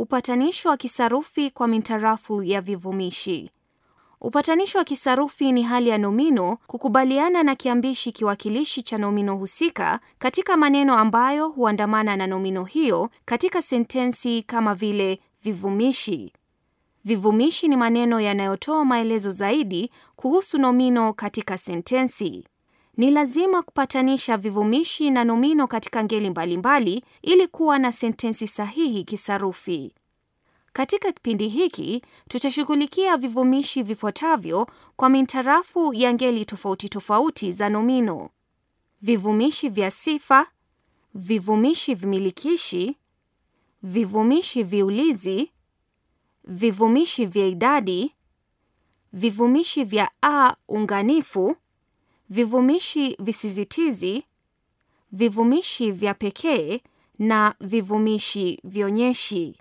Upatanisho wa kisarufi kwa mintarafu ya vivumishi. Upatanisho wa kisarufi ni hali ya nomino kukubaliana na kiambishi kiwakilishi cha nomino husika katika maneno ambayo huandamana na nomino hiyo katika sentensi kama vile vivumishi. Vivumishi ni maneno yanayotoa maelezo zaidi kuhusu nomino katika sentensi ni lazima kupatanisha vivumishi na nomino katika ngeli mbalimbali ili kuwa na sentensi sahihi kisarufi. Katika kipindi hiki tutashughulikia vivumishi vifuatavyo kwa mintarafu ya ngeli tofauti tofauti za nomino: vivumishi vya sifa, vivumishi vimilikishi, vivumishi viulizi, vivumishi vya idadi, vivumishi vya a unganifu vivumishi visizitizi, vivumishi vya pekee na vivumishi vionyeshi.